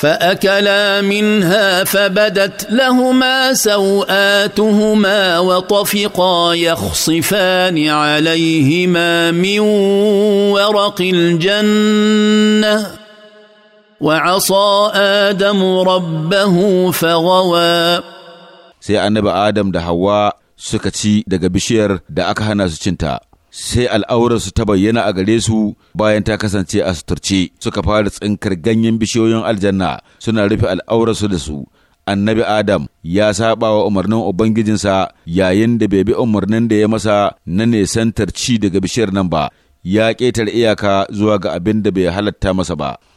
فاكلا منها فبدت لهما سواتهما وطفقا يخصفان عليهما من ورق الجنه وعصى ادم ربه فغوى sai annabi آدم da hawa suka دا daga bishiyar sai al'aurarsu ta bayyana a gare su bayan ta kasance a suturce suka fara tsinkar ganyen bishiyoyin aljanna suna rufe al'aurarsu da su annabi adam ya saba wa umarnin ubangijinsa yayin da bai bi umarnin da ya masa na nesantar ci daga bishiyar nan ba ya ƙetare iyaka zuwa ga abin da bai halatta masa ba